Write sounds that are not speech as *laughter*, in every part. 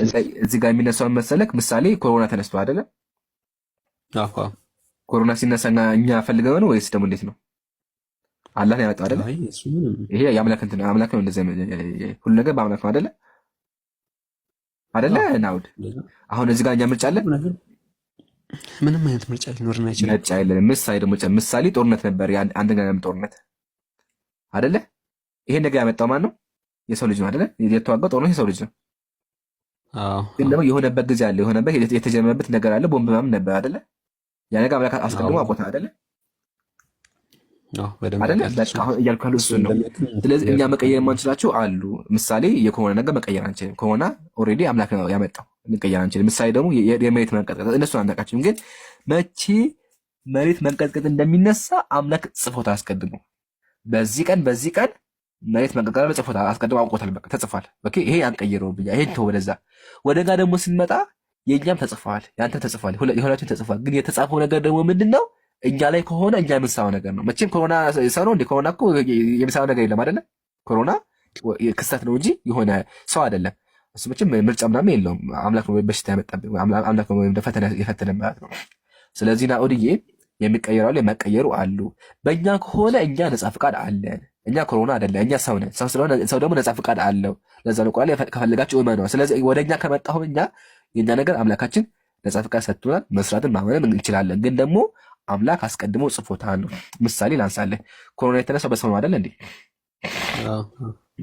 አሁን እዚህ ጋር የሚነሳውን መሰለክ ምሳሌ ኮሮና ተነስቶ አይደለም? ኮሮና ሲነሳና እኛ ፈልገው ነው ወይስ ደግሞ እንዴት ነው? አላህ ያመጣው አይደለ? ይሄ የአምላክ እንትን አምላክ ነው። እንደዚህ ሁሉ ነገር በአምላክ ነው አይደለ? አይደለ? ናውድ አሁን እዚህ ጋር እኛ ምርጫ አለን? ምንም አይነት ምርጫ ሊኖር አይችልም። ምርጫ የለንም። ምሳሌ ደግሞ ምሳሌ ጦርነት ነበር፣ አንድ ዓለም ጦርነት አይደለ? ይሄን ነገር ያመጣው ማን ነው? የሰው ልጅ ነው አይደለ? የተዋጋው ጦርነት የሰው ልጅ ነው። ግን ደግሞ የሆነበት ጊዜ አለ። የሆነበት የተጀመረበት ነገር አለ። ቦምብ ምናምን ነበር አደለ? ያ ነገር አምላክ አስቀድሞ አቦታ አደለ? እያልኩ ያሉ እሱን ነው። ስለዚህ እኛ መቀየር የማንችላቸው አሉ። ምሳሌ የኮሆነ ነገር መቀየር አንችልም። ከሆነ ኦልሬዲ አምላክ ነው ያመጣው፣ ልንቀየር አንችልም። ምሳሌ ደግሞ የመሬት መንቀጥቀጥ እነሱን አናውቃቸውም። ግን መቼ መሬት መንቀጥቀጥ እንደሚነሳ አምላክ ጽፎት አስቀድሞ በዚህ ቀን በዚህ ቀን መሬት መንቀጥቀጥ ጽፎት አስቀድሞ አውቆታል። በቃ ተጽፏል። ይሄ አንቀይረው ብ ይሄ ተው ወደዛ ወደጋ ደግሞ ስንመጣ የእኛም ተጽፏል፣ ያንተም ተጽፏል፣ የሁላችን ተጽፏል። ግን የተጻፈው ነገር ደግሞ ምንድን ነው? እኛ ላይ ከሆነ እኛ የምንሳው ነገር ነው። መቼም ኮሮና ሰው ነው እንዴ? ኮሮና እኮ የሚሳው ነገር የለም አይደለ? ኮሮና ክስተት ነው እንጂ የሆነ ሰው አይደለም። እሱ መቼም ምርጫ ምናምን የለውም። አምላክ ነው በሽታ ያመጣብህ፣ አምላክ ነው ወይም ፈተና የፈተነን ማለት ነው። ስለዚህ ናኦድዬ የሚቀየሩ አሉ የማይቀየሩ አሉ። በእኛ ከሆነ እኛ ነጻ ፈቃድ አለን። እኛ ኮሮና አደለ፣ እኛ ሰው ነን። ሰው ስለሆነ ሰው ደግሞ ነፃ ፍቃድ አለው። ለዛ ነው ቁርአን ከፈለጋችሁ እመኑ ነው። ስለዚህ ወደ እኛ ከመጣሁ እኛ የእኛ ነገር አምላካችን ነፃ ፍቃድ ሰጥቶናል። መስራትን ማመንም እንችላለን። ግን ደግሞ አምላክ አስቀድሞ ጽፎታል ነው። ምሳሌ ላንሳለን። ኮሮና የተነሳው በሰው ነው አደለ እንዴ?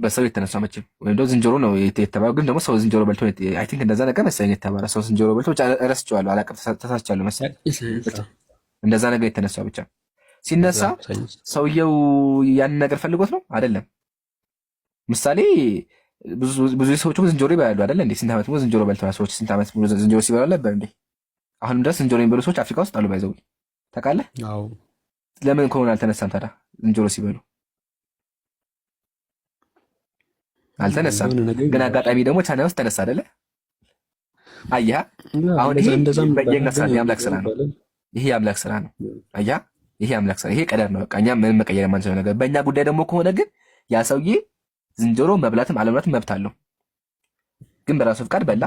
በሰው የተነሳ መቼም ወይም ደግሞ ዝንጀሮ ነው የተባለው። ግን ደግሞ ሰው ዝንጀሮ በልቶ አይ ቲንክ እንደዛ ነገር መሰለኝ የተባለ ሰው ዝንጀሮ በልቶ ብቻ እረስቸዋለሁ፣ አላውቅም፣ ተሳስቻለሁ መሰለኝ እንደዛ ነገር የተነሳ ብቻ ሲነሳ ሰውየው ያንን ነገር ፈልጎት ነው አይደለም። ምሳሌ ብዙ ሰዎች ዝንጀሮ ይበላሉ አይደለ እንዴ? ስንት ዓመት ሙሉ ዝንጀሮ በልተዋል ሰዎች። ስንት ዓመት ሙሉ ዝንጀሮ ሲበላሉ ነበር እንዴ? አሁንም ድረስ ዝንጀሮ የሚበሉ ሰዎች አፍሪካ ውስጥ አሉ። ባይዘው ታውቃለህ? ለምን ከሆነ አልተነሳም ታዲያ? ዝንጀሮ ሲበሉ አልተነሳም። ግን አጋጣሚ ደግሞ ቻና ውስጥ ተነሳ አይደለ? አያ አሁን ይሄ በየነሳ የአምላክ ስራ ነው። ይሄ የአምላክ ስራ ነው። አያ ይሄ አምላክ ይሄ ቀደር ነው። በቃ እኛ ምንም መቀየር የማንችለው ነገር። በእኛ ጉዳይ ደግሞ ከሆነ ግን ያ ሰውዬ ዝንጀሮ መብላትም አለመብላትም መብት አለው። ግን በራሱ ፍቃድ በላ።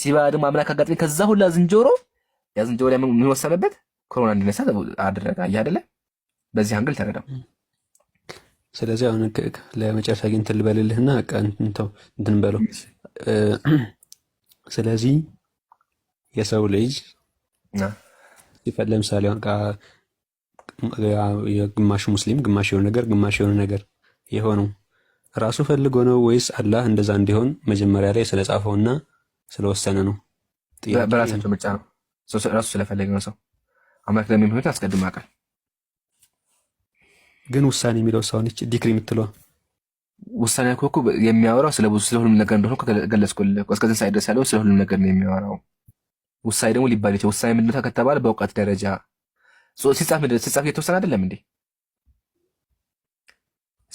ሲበላ ደግሞ አምላክ አጋጥሚ ከዛ ሁላ ዝንጀሮ ያ ዝንጀሮ ላይ ምን ወሰነበት? ኮሮና እንዲነሳ አደረገ። አየህ አይደለ? በዚህ አንግል ተረዳው። ስለዚህ አሁን ለመጨረሻ ግን እንትን ልበልልህና እንተው እንትን በለው። *clears throat* ስለዚህ የሰው ልጅ ለምሳሌ ግማሽ ሙስሊም ግማሽ የሆነ ነገር ግማሽ የሆነ ነገር የሆነው ራሱ ፈልጎ ነው ወይስ አላህ እንደዛ እንዲሆን መጀመሪያ ላይ ስለጻፈውና ስለወሰነ ነው? በራሳቸው ምርጫ ነው። ራሱ ስለፈለገ ነው። ሰው አምላክ ለሚሆኑት አስቀድሞ ያውቃል። ግን ውሳኔ የሚለው ሰውነች ዲክሪ የምትለዋ ውሳኔ ያልኩህ እኮ የሚያወራው ስለብዙ ስለሁሉም ነገር እንደሆነ ገለጽኩልህ እኮ። ሳይደርስ ትንሣኤ ድረስ ያለው ስለሁሉም ነገር ነው የሚያወራው። ውሳኔ ደግሞ ሊባል ውሳኔ ምንድን ነው ከተባለ በእውቀት ደረጃ ሲጻፍ ሲጻፍ የተወሰነ አይደለም እንዴ?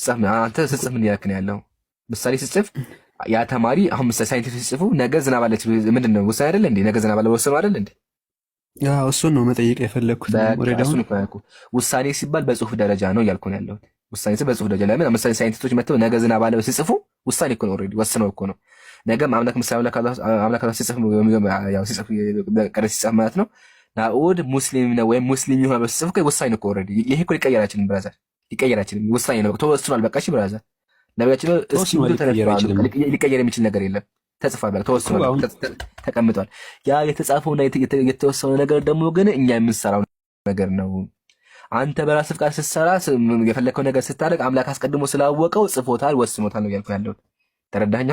ሲጻፍ አንተ ስጽፍ ምን ያክን ያለው ምሳሌ ስጽፍ ያ ተማሪ አሁን ምሳሌ ሳይንቲፊክ ሲጽፉ ነገ ዝናብ አለች ምንድን ነው ወሰን አይደለ እንዴ? ነገ ዝናብ አለ ወሰኑ አይደለ እንዴ? እሱን ነው መጠየቅ የፈለግኩት። ውሳኔ ሲባል በጽሁፍ ደረጃ ነው እያልኩ ነው ያለሁት። ውሳኔ ሲባል በጽሁፍ ደረጃ ለምን ምሳሌ ሳይንቲስቶች መጥተው ነገ ዝናብ አለ ሲጽፉ ውሳኔ እኮ ነው ኦልሬዲ ወስነው እኮ ነው ነገም አምላክ ምሳሌ አምላክ ሲጽፍ ሲጽፍ ማለት ነው ናኡድ ሙስሊም ነው ወይም ሙስሊም የሆነ በስጽፍ እኮ ወሳኝ ነው። ኦልሬዲ ይሄ እኮ ሊቀየር አይችልም ብራዘር፣ ሊቀየር አይችልም። ወሳኝ ነው ተወስኗል። በቃ እሺ ብራዘር፣ ነቢያችን እስኪ ሊቀየር የሚችል ነገር የለም። ተጽፏል፣ በቃ ተወስኗል፣ ተቀምጧል። ያ የተጻፈውና የተወሰነው ነገር ደግሞ ግን እኛ የምንሰራው ነገር ነው። አንተ በራስህ ፍቃድ ስትሰራ የፈለግከው ነገር ስታደርግ አምላክ አስቀድሞ ስላወቀው ጽፎታል፣ ወስኖታል ነው እያልኩ ያለሁት። ተረዳኸኝ?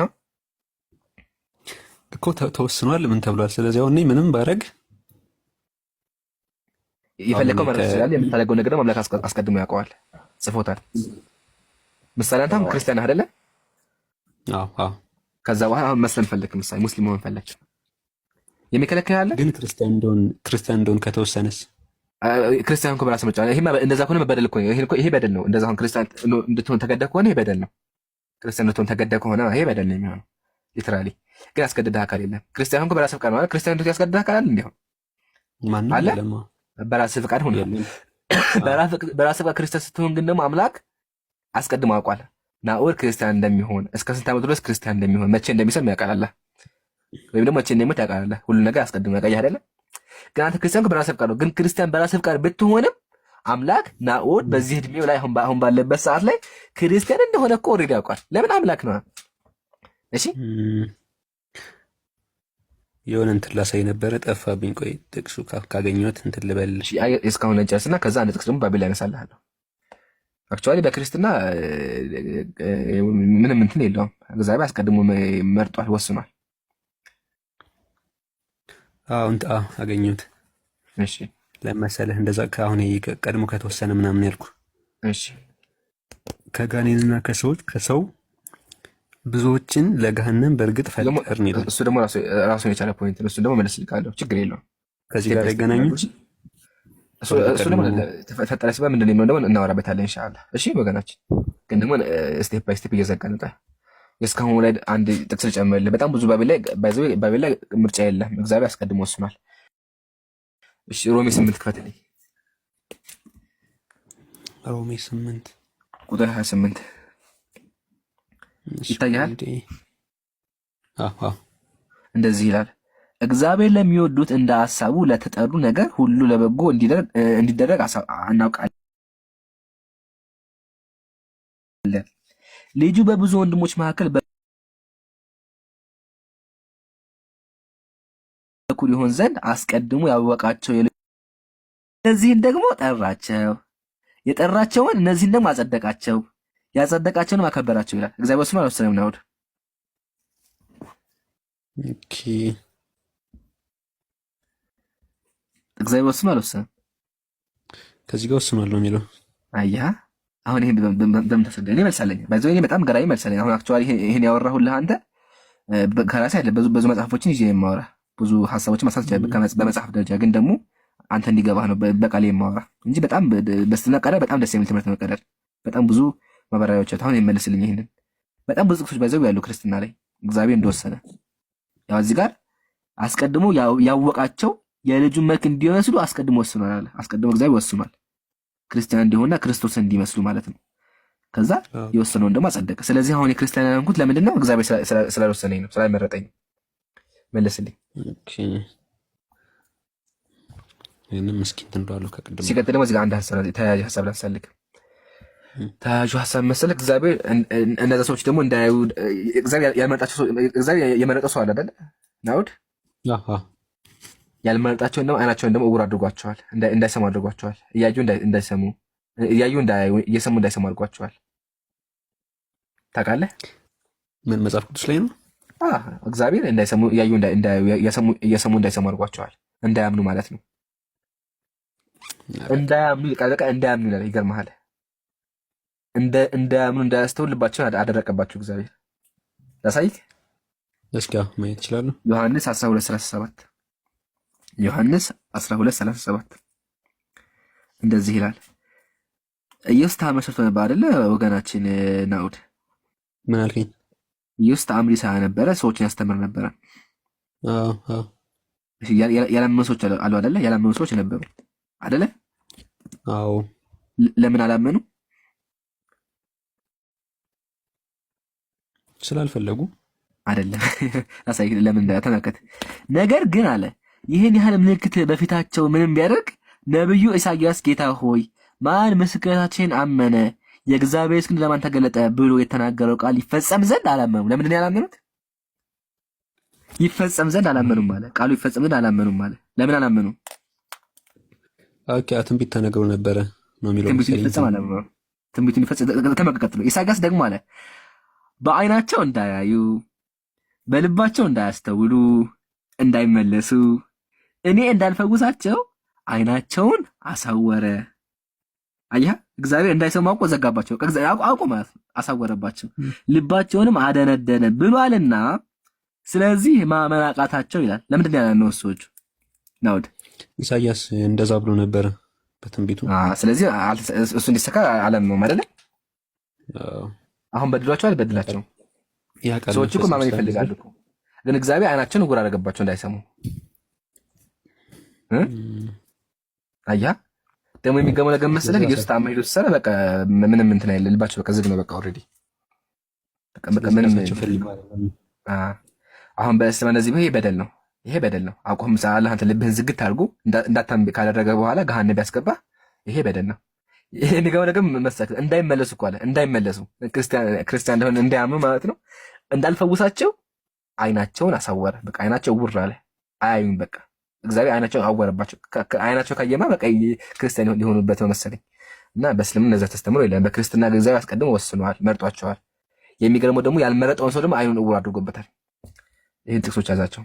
እኮ ተወስኗል ምን ተብሏል። ስለዚህ አሁን ምንም ባረግ የፈለገው ማለት ይችላል። የምታደርገው ነገር አምላክ አስቀድሞ ያውቀዋል፣ ጽፎታል። ምሳሌ አንተም ክርስቲያን አደለ? ከዛ በኋላ አሁን መስለን ፈለግ ምሳሌ ሙስሊም ሆን ፈለግ የሚከለክል አለ። ግን ክርስቲያን እንደሆን ክርስቲያን እንደሆን ከተወሰነስ ክርስቲያን እኮ በራስ መጫ ይሄ እንደዛ ከሆነ መበደል እኮ ነው። ይሄ በደል ነው። እንደዛ አሁን ክርስቲያን እንድትሆን ተገደህ ከሆነ ይሄ በደል ነው። ክርስቲያን እንድትሆን ተገደህ ከሆነ ይሄ በደል ነው የሚሆነው። ሊትራሊ ግን ያስገድደህ አካል የለም። ክርስቲያን እኮ በራስ ፈቃድ ማለት ክርስቲያን እንድትሆን ያስገድደህ አካል አለ እንዲሆን አለ በራስ ፍቃድ ሆነ። *coughs* በራስ ፍቃድ ክርስቲያን ስትሆን ግን ደግሞ አምላክ አስቀድሞ አውቋል። ናኦር ክርስቲያን እንደሚሆን እስከ ስንት ዓመት ድረስ ክርስቲያን እንደሚሆን መቼ እንደሚሰም ያውቃል፣ ወይም ደግሞ መቼ እንደሚሞት ያውቃል። ሁሉ ነገር አስቀድሞ ያውቃል አይደለ? ግን አንተ ክርስቲያን በራስ ፍቃድ ነው። ግን ክርስቲያን በራስ ፍቃድ ብትሆንም አምላክ ናኦድ በዚህ እድሜው ላይ አሁን ባለበት ሰዓት ላይ ክርስቲያን እንደሆነ እኮ ኦልሬዲ ያውቋል። ለምን አምላክ ነው። እሺ የሆነ እንትን ላሳይ ነበረ ጠፋብኝ። ቆይ ጥቅሱ ካገኘሁት እንትን ልበል እስካሁን ጨርስና ከዛ አንድ ጥቅስ ደግሞ ባቢል ያነሳልሃለሁ። አክቹዋሊ በክርስትና ምንም እንትን የለውም። እግዚአብሔር አስቀድሞ መርጧል፣ ወስኗል። አሁን አገኘሁት። እሺ ለመሰለህ እንደዛ ከአሁን ቀድሞ ከተወሰነ ምናምን ያልኩ ከጋኔንና ከሰዎች ከሰው ብዙዎችን ለገሃነም በእርግጥ ፈጠርን ይላል። እሱ ደግሞ ራሱን የቻለ ፖይንት ነው። እሱ ደግሞ መለስ ይልቃለሁ፣ ችግር የለውም። ከዚህ ጋር ይገናኙ። እሱ ደግሞ ተፈጠረ ሲባል ምንድን የሚሆን ደግሞ እናወራበታለን ኢንሻላህ። እሺ ወገናችን፣ ግን ደግሞ ስቴፕ ባይ ስቴፕ እየዘጋንጠ እስካሁን ላይ አንድ ጥቅስ ልጨምርልህ። በጣም ብዙ ባቤል ላይ ምርጫ የለም፣ እግዚአብሔር አስቀድሞ ወስኗል። እሺ ሮሜ ስምንት ክፈትልኝ። ሮሜ ስምንት ቁጥር ሀያ ስምንት ይታያል። እንደዚህ ይላል እግዚአብሔር ለሚወዱት እንደ ሀሳቡ ለተጠሩ ነገር ሁሉ ለበጎ እንዲደረግ እናውቃለን። ልጁ በብዙ ወንድሞች መካከል በኩር ይሆን ዘንድ አስቀድሞ ያወቃቸው እነዚህን ደግሞ ጠራቸው፣ የጠራቸውን እነዚህን ደግሞ አጸደቃቸው። ያጸደቃቸውን አከበራቸው ይላል። እግዚአብሔር ስም አልወሰንም ነው እግዚአብሔር ስም አልወሰንም። ከዚህ ጋር ወስኗል ነው የሚለው። አያ አሁን ይህን በምን ተሰደ ይመልሳለኝ ባይዘ በጣም ገራሚ ይመልሳለኝ። አሁን አክቹዋሊ ይህን ያወራሁልህ አንተ ከራሴ አይደለም ብዙ ብዙ መጽሐፎችን ይዤ የማወራ ብዙ ሀሳቦችን ማሳት በመጽሐፍ ደረጃ ግን ደግሞ አንተ እንዲገባህ ነው በቃሌ የማወራ እንጂ በጣም በስተመቀደር በጣም ደስ የሚል ትምህርት መቀደር በጣም ብዙ ማብራሪያዎች አሁን የመልስልኝ ይህንን በጣም ብዙ ጥቅሶች ባይዘው ያሉ ክርስትና ላይ እግዚአብሔር እንደወሰነ ያው እዚህ ጋር አስቀድሞ ያወቃቸው የልጁን መልክ እንዲመስሉ አስቀድሞ ወስኗል። አለ። አስቀድሞ እግዚአብሔር ወስኗል ክርስቲያን እንዲሆንና ክርስቶስ እንዲመስሉ ማለት ነው። ከዛ የወሰነውን ደግሞ አጸደቀ። ስለዚህ አሁን የክርስቲያን ያልሆንኩት ለምንድን ነው? እግዚአብሔር ስላልወሰነኝ ነው፣ ስላልመረጠኝ። መለስልኝ። ይህንም ምስኪን ትንዳሉ ከቅድም ሲቀጥል ደግሞ እዚህ ጋር አንድ ተያያዥ ሀሳብ ላንሳልክ ተያዥ ሀሳብ መሰለህ። እግዚአብሔር እነዛ ሰዎች ደግሞ እንዳያዩ እግዚአብሔር የመረጠው ሰው አለ አይደለ ናውድ ያልመረጣቸውን ደግሞ አይናቸውን ደግሞ እውር አድርጓቸዋል፣ እንዳይሰሙ አድርጓቸዋል። እያዩ እንዳይሰሙ እያዩ እንዳያዩ እየሰሙ እንዳይሰሙ አድርጓቸዋል። ታውቃለህ ምን መጽሐፍ ቅዱስ ላይ ነው? እግዚአብሔር እንዳይሰሙ እያዩ እየሰሙ እንዳይሰሙ አድርጓቸዋል። እንዳያምኑ ማለት ነው። እንዳያምኑ ቃል በቃ እንዳያምኑ ይላል። ይገርምሃል እንደምኑ እንዳያስተውልባቸው አደረቀባቸው እግዚአብሔር። ላሳይክ እስኪ ማየት ይችላሉ። ዮሐንስ 12:37 ዮሐንስ 12:37 እንደዚህ ይላል። ኢየሱስ ተአምር ሰርቶ ነበር አይደለ ወገናችን ናውድ? ምን አልከኝ? ኢየሱስ ተአምር ይሰራ ነበረ፣ ሰዎችን ያስተምር ነበረ። ያላመኑ ሰዎች አሉ አይደለ? ያላመኑ ሰዎች ነበሩ አይደለ? አዎ። ለምን አላመኑ? ስላልፈለጉ አይደለም። *laughs* አሳይ ለምን ተመልከት። ነገር ግን አለ ይህን ያህል ምልክት በፊታቸው ምንም ቢያደርግ ነቢዩ ኢሳያስ ጌታ ሆይ ማን ምስክርነታችን አመነ? የእግዚአብሔር ክንድ ለማን ተገለጠ? ብሎ የተናገረው ቃል ይፈጸም ዘንድ አላመኑ። ለምንድን ነው ያላመኑት? ይፈጸም ዘንድ አላመኑም አለ። ቃሉ ይፈጸም ዘንድ አላመኑም አለ። ለምን አላመኑ? ኦኬ ትንቢት ተነግሮ ነበረ ነው የሚለው። ትንቢቱን ይፈጸም አላመኑ። ትንቢቱን ይፈጸም ተመቀቀጥሎ ኢሳያስ ደግሞ አለ በአይናቸው እንዳያዩ፣ በልባቸው እንዳያስተውሉ፣ እንዳይመለሱ እኔ እንዳልፈውሳቸው አይናቸውን አሳወረ። አያ እግዚአብሔር እንዳይሰሙ አውቆ ዘጋባቸው። አውቆ ማለት አሳወረባቸው፣ ልባቸውንም አደነደነ ብሏልና ስለዚህ ማመን አቃታቸው ይላል። ለምንድን ያለ ነው ሰዎች ናውድ ኢሳያስ እንደዛ ብሎ ነበረ በትንቢቱ። ስለዚህ እሱ እንዲሰካ አለም ነው አይደለም አሁን በድሏቸው አልበድላቸው። ሰዎች እኮ ማመን ይፈልጋሉ፣ ግን እግዚአብሔር አይናቸውን እጉር አደረገባቸው እንዳይሰሙ። አያ ደግሞ የሚገመው ነገር መሰለህ ኢየሱስ ታማ ሄዶ ሲሰራ በቃ ምንም እንትን የለ ልባቸው በቃ ዝግ ነው። በቃ ኦልሬዲ አሁን በእስልምና እንደዚህ ይሄ በደል ነው። ይሄ በደል ነው። አቁም ሰዓላ አንተ ልብህን ዝግት አድርጎ እንዳታም ካደረገ በኋላ ገሃነም ቢያስገባ ይሄ በደል ነው። ይሄ ንጋው ደግሞ መሳክ እንዳይመለሱ እኮ አለ እንዳይመለሱ ክርስቲያን ክርስቲያን እንደሆነ እንዳያምኑ ማለት ነው። እንዳልፈውሳቸው አይናቸውን አሳወረ። በቃ አይናቸው ውር አለ። አያዩም። በቃ እግዚአብሔር አይናቸውን አወረባቸው። አይናቸው ካየማ በቃ ክርስቲያን ሊሆኑበት ነው መሰለኝ። እና በእስልምና እንደዛ ተስተምሮ የለም። በክርስትና እግዚአብሔር አስቀድሞ ወስኗል፣ መርጧቸዋል። የሚገርመው ደግሞ ያልመረጠውን ሰው ደግሞ አይኑን እውር አድርጎበታል። ይህን ጥቅሶች ያዛቸው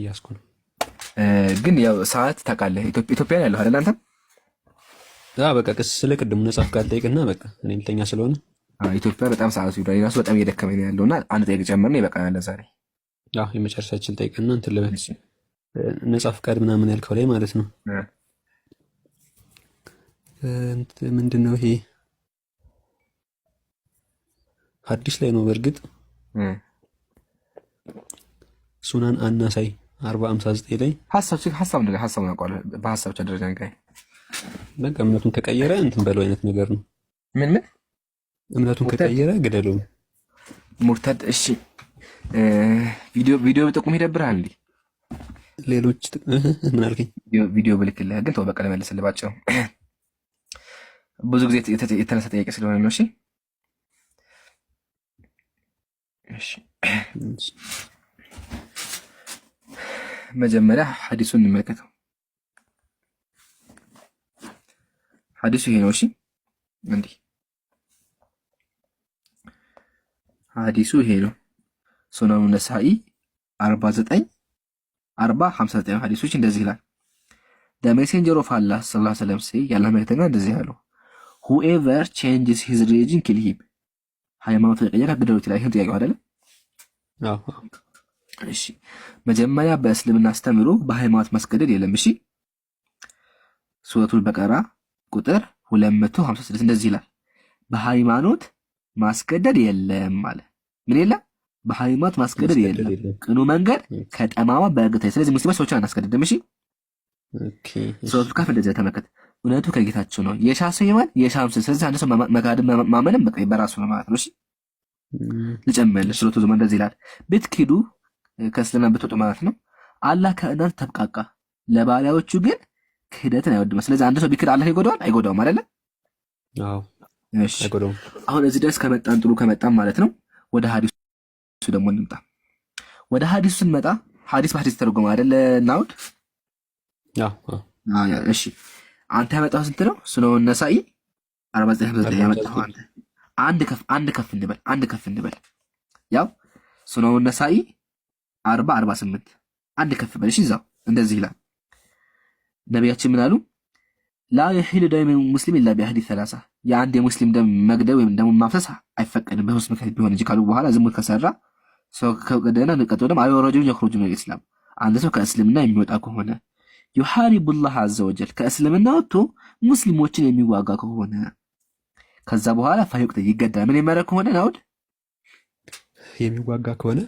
እያስኩ ነው። ግን ያው ሰዓት ታውቃለህ፣ ኢትዮጵያን ያለሁ አይደል አንተም በቃ ቅስ ስለ ቅድሙ ነጻፍ ጋር ጠይቅና በቃ እኔ ልተኛ ስለሆነ ኢትዮጵያ በጣም ሰዓት ይዳ ራሱ በጣም እየደከመ ነው ያለው እና አንድ ጠይቅ ጨምርና ይበቃናል። ዛሬ የመጨረሻችን ጠይቅና እንትን ልበል ነጻፍ ፍቃድ ምናምን ያልከው ላይ ማለት ነው። ምንድን ነው ይሄ? ሀዲስ ላይ ነው በእርግጥ ሱናን አናሳይ አርባ አምሳ ዘጠኝ ላይ ሀሳብ ሀሳብ ሀሳብ በሀሳብ ደረጃ ንቃይ በቃ እምነቱን ከቀየረ እንትን በለው አይነት ነገር ነው። ምን ምን እምነቱን ከቀየረ ግደለው። ሙርተድ እሺ፣ ቪዲዮ ቪዲዮ በጠቁም ይደብራል እንዴ? ሌሎች ምን አልከኝ? ቪዲዮ ብልክልህ ግን ተው በቃ ልመልስልህ ባጭሩ። ብዙ ጊዜ የተነሳ ጥያቄ ስለሆነ ነው። እሺ መጀመሪያ ሐዲሱን እንመልከተው። ሀዲሱ ይሄ ነው። እሺ እንዲህ ሀዲሱ ይሄ ነው። ሱናኑ ነሳኢ 49 40 59 ሀዲሶች እንደዚህ ይላል። ደ ሜሴንጀር ኦፍ አላህ ሰለላሁ ዐለይሂ ወሰለም ሲል ያላህ መልእክተኛ እንደዚህ ያለው ሁኤቨር ቼንጅስ ሂዝ ሪሊጅን ኪል ሂም። ሃይማኖቱን የቀየረ ግደሉት ይላል። ይሄ ጥያቄው አይደለም? እሺ መጀመሪያ በእስልምና አስተምሮ በሃይማኖት ማስገደድ የለም። እሺ ሱረቱል በቀራ ቁጥር 256 እንደዚህ ይላል፣ በሃይማኖት ማስገደድ የለም አለ። ምን የለም? በሃይማኖት ማስገደድ የለም። ቅኑ መንገድ ከጠማማ በእርግጥ ስለዚህ ሙስሊሞች ሰዎችን አናስገደድም። እሺ ሶስቱ ካፍ እንደዚህ ተመከት እውነቱ ከጌታቸው ነው። የሻ ይማል የሻ ምስል። ስለዚህ አንድ ሰው መካድም ማመንም በቃ በራሱ ነው ማለት ነው። እሺ ልጨምርልህ። ስሎቱ ዙመር እንደዚህ ይላል፣ ብትክዱ ከእስልምና ብትወጡ ማለት ነው። አላህ ከእናንተ ተብቃቃ፣ ለባሪያዎቹ ግን ክህደትን አይወድም። ስለዚህ አንድ ሰው ቢክድ አላህ ይጎዳዋል አይጎዳውም? አይደለ? አሁን እዚህ ድረስ ከመጣን ጥሩ ከመጣን ማለት ነው። ወደ ሀዲሱ ደግሞ እንምጣ። ወደ ሀዲሱ ስንመጣ ሀዲስ በሀዲስ ተረጎመ አይደለ? እናውድ እሺ፣ አንተ ያመጣው ስንት ነው? ስለ ነሳኢ አንድ ከፍ አንድ ከፍ እንበል አንድ ከፍ እንበል ያው ስለ ነሳኢ አርባ አርባ ስምንት አንድ ከፍ በል እሺ። እዛው እንደዚህ ይላል ነቢያችን ምን አሉ? ላ የሒሉ ደም ሙስሊም ላ ቢአህዲ ሰላሳ የአንድ የሙስሊም ደም መግደል ወይም ደሞ ማፍሰስ አይፈቀድም በሶስት ምክንያት ቢሆን እንጂ ካሉ በኋላ ዝሙት ከሰራ ሰው ከደና ንቀጠው ደም አዩ ረጅሉን የኽሩጁ ኢስላም አንድ ሰው ከእስልምና የሚወጣ ከሆነ ዩሐሪቡላህ አዘወጀል ከእስልምና ወጥቶ ሙስሊሞችን የሚዋጋ ከሆነ ከዛ በኋላ ፈዩቅት ይገዳል። ምን የሚያደርግ ከሆነ ናውድ የሚዋጋ ከሆነ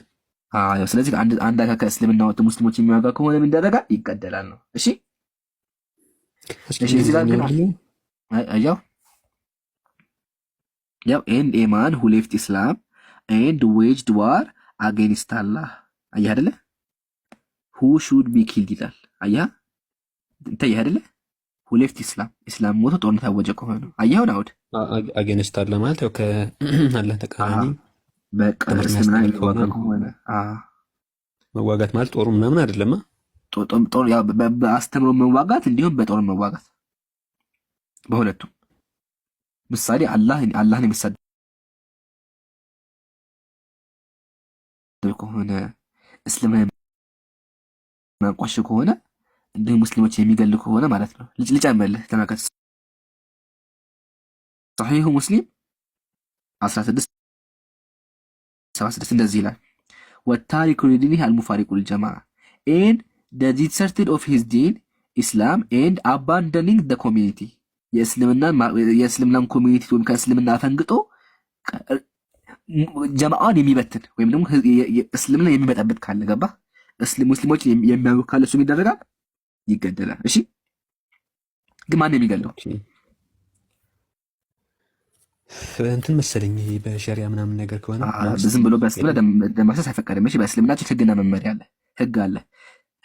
ስለዚህ አንድ ከእስልምና ወጥቶ ሙስሊሞች የሚዋጋ ከሆነ ምን ይደረጋል? ይገደላል ነው እሺ ያው ያው ኤንድ ኤማን ሁ ሌፍት ኢስላም ኤንድ ዌጅድ ዋር አጌንስት አላህ። አየህ አይደለ? ሁ ሹድ ቢ ኪልድ ይላል። ሁ ሌፍት ኢስላም ኢስላም ሞቶ ጦርነት ከሆነ አጌንስት አላህ ማለት ያው ከአላህ ተቃራኒ በቃ መዋጋት ማለት ጦሩ ምናምን አይደለማ አስተምሮ መዋጋት እንዲሁም በጦር መዋጋት በሁለቱም ምሳሌ አላህን የሚሳደብ ከሆነ እስልምና ማንቋሽ ከሆነ እንዲሁም ሙስሊሞች የሚገል ከሆነ ማለት ነው። ልጨምርልህ ተመልከት። ሰሒሁ ሙስሊም 16 76 እንደዚህ ይላል። ወታሪኩ ሊዲኒህ አልሙፋሪቁ ልጀማ ይህን the deserted of his deen ኢስላም ኤንድ አባንደኒንግ ደ ኮሚኒቲ የእስልምናን ኮሚኒቲ ወይም ከእስልምና አፈንግጦ ጀማአን የሚበትን ወይም ደግሞ እስልምና የሚበጠብጥ ካለ ገባ ሙስሊሞች የሚያውቅ ካለ እሱም ይደረጋል፣ ይገደላል። እሺ፣ ግን ማን የሚገለው እንትን መሰለኝ በሸሪያ ምናምን ነገር ከሆነ ዝም ብሎ በእስልምና ደማሰስ አይፈቀድም። እሺ፣ በእስልምናችን ህግና መመሪያ አለ፣ ህግ አለ።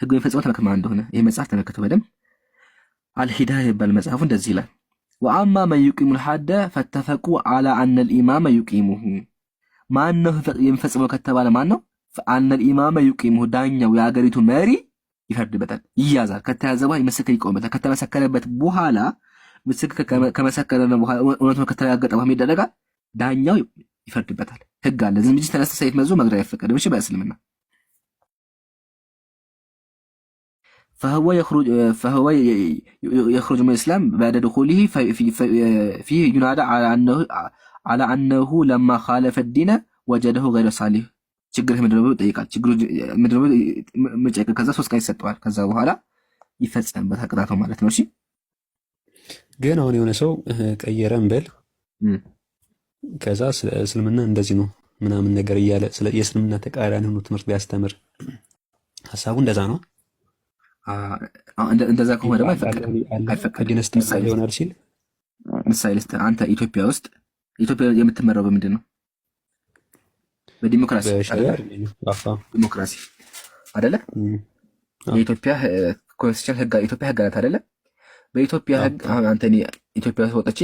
ህግ የሚፈጽመው ተመክማ እንደሆነ ይህ መጽሐፍ ተመክቶ በደንብ አልሂዳያ ይባል መጽሐፉ እንደዚህ ይላል። ወአማ መዩቂሙል ሐደ ፈተፈቁ አላ አነል ኢማመ ዩቂሙሁ። ማን ነው የሚፈጽመው ከተባለ ማን ነው? አነል ኢማመ ዩቂሙሁ፣ ዳኛው የአገሪቱ መሪ ይፈርድበታል፣ ይያዛል። ከተያዘ በኋላ ምስክር ይቆምበታል። ከተመሰከረበት በኋላ ምስክር ከመሰከረ በኋላ እውነቱ ከተረጋገጠ በኋላ ይደረጋል፣ ዳኛው ይፈርድበታል። ህግ አለ። ዝም ብዬ ተነስተ ሰይፍ መዞ መግደል አይፈቀድም። እሺ በእስልምና ፈህወ የኽሩጅ ሚን ኢስላም ባዕደ ድኹሊሂ ፊሂ ዩናዳ ዓላ አነሁ ለማ ኻለፈ ዲነ ወጀደሁ ገይረ ሳሊህ ችግርህ ምንድን ነው ብሎ ይጠይቃል። ምንድን ነው ምርጫ ይቀር። ከዛ ሶስት ቀን ይሰጠዋል። ከዛ በኋላ ይፈጸምበታል ቅጣቱ ማለት ነው። እሺ ግን አሁን የሆነ ሰው ቀየረ እንበል፣ ከዛ ስለ እስልምና እንደዚህ ነው ምናምን ነገር እያለ የእስልምና ተቃራኒ ሆኖ ትምህርት ቢያስተምር ሀሳቡ እንደዛ ነው እንደዛ ከሆነ ደግሞ አይፈቀድም አንተ ኢትዮጵያ ውስጥ ኢትዮጵያ የምትመራው በምንድን ነው? በዲሞክራሲ ዲሞክራሲ አደለ? የኢትዮጵያ ኮንስቲቱሽን ህግ ኢትዮጵያ ህግ ናት አደለ? በኢትዮጵያ ህግ አንተ ኢትዮጵያ ውስጥ ወጥቼ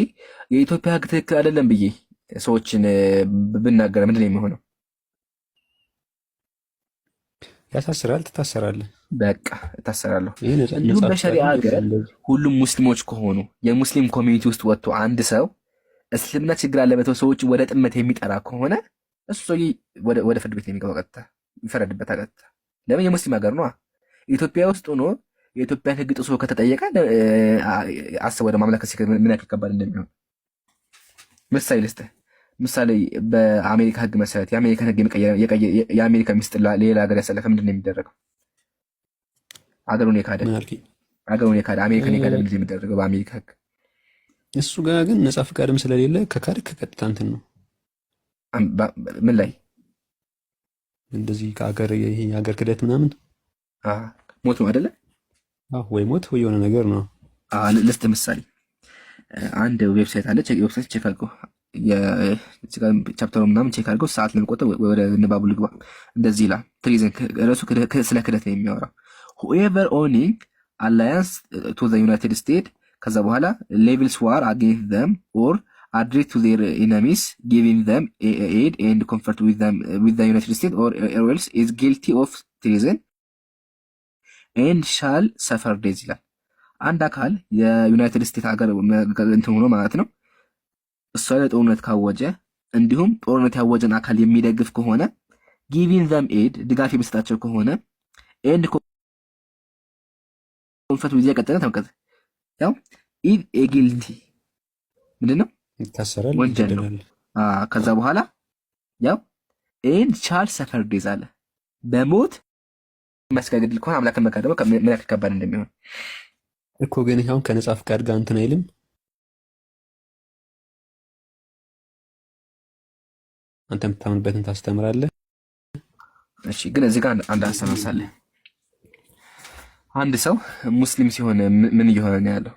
የኢትዮጵያ ህግ ትክክል አይደለም ብዬ ሰዎችን ብናገር ምንድን ነው የሚሆነው? ያሳስራል። ትታሰራለህ። በቃ እታሰራለሁ። እንዲሁም በሸሪአ ሀገር ሁሉም ሙስሊሞች ከሆኑ የሙስሊም ኮሚኒቲ ውስጥ ወጥቶ አንድ ሰው እስልምና ችግር አለበት ሰዎች ወደ ጥመት የሚጠራ ከሆነ እሱ ሰው ወደ ፍርድ ቤት የሚገባው ቀጥታ ይፈረድበት። ቀጥታ ለምን የሙስሊም ሀገር ነው። ኢትዮጵያ ውስጥ ሆኖ የኢትዮጵያን ህግ ጥሶ ከተጠየቀ አስብ ወደ ማምለክ ምን ያክል ከባድ እንደሚሆን ምሳሌ ልስጥህ። ምሳሌ በአሜሪካ ህግ መሰረት የአሜሪካን ህግ የአሜሪካ ሚስጥር ሌላ ሀገር ያሳለፈ ምንድን ነው የሚደረገው? አገሩን የካደ አገሩን የካደ አሜሪካን የካደ ምንድን ነው የሚደረገው በአሜሪካ ህግ? እሱ ጋር ግን ነጻ ፍቃድም ስለሌለ ከካድ ቀጥታ እንትን ነው። ምን ላይ እንደዚህ ከአገር ይሄ የሀገር ክደት ምናምን ሞት ነው አደለ? ወይ ሞት ወይ የሆነ ነገር ነው። ልስጥ ምሳሌ አንድ ዌብሳይት አለች። ዌብሳይት ቼክ አድርገው ቻፕተሩ ምናምን ቼክ አድርገው ሰዓት ለመቆጠብ ወደ ንባቡ ልግባ። እንደዚህ ይላል። ትሪዝን ረሱ ስለ ክደት ነው የሚያወራው። ሁኤቨር ኦኒንግ አላያንስ ቱ ዘ ዩናይትድ ስቴት ከዛ በኋላ ሌቪልስ ዋር አጌንስት ዘም ኦር አድሪ ቱ ዜር ኢነሚስ ጊቪንግ ዘም ኤድ ኤንድ ኮንፈርት ዊ ዘ ዩናይትድ ስቴት ኦር ኤርዌልስ ኢዝ ጊልቲ ኦፍ ትሪዝን ኤንድ ሻል ሰፈር ዴዝ ይላል። አንድ አካል የዩናይትድ ስቴት ሀገር እንትን ሆኖ ማለት ነው እሷ ላይ ጦርነት ካወጀ እንዲሁም ጦርነት ያወጀን አካል የሚደግፍ ከሆነ ጊቪን ዘም ኤድ ድጋፍ የሚሰጣቸው ከሆነ ኤንድ ኮንፈት ጊዜ ቀጠለ ተመቀጠ ያው ኢድ ኤጊልቲ ምንድን ነው ወንጀል ነው። ከዛ በኋላ ያው ኤንድ ቻል ሰፈር ዴዝ አለ በሞት የሚያስገድል ከሆነ አምላክን መካድ ምን ያክል ከባድ እንደሚሆን እኮ ግን ይሁን ከነጻ ፍቃድ ጋር እንትን አይልም። አንተ የምታምንበትን ታስተምራለህ። እሺ፣ ግን እዚህ ጋር አንድ አስተናሳለህ። አንድ ሰው ሙስሊም ሲሆን ምን እየሆነ ነው ያለው?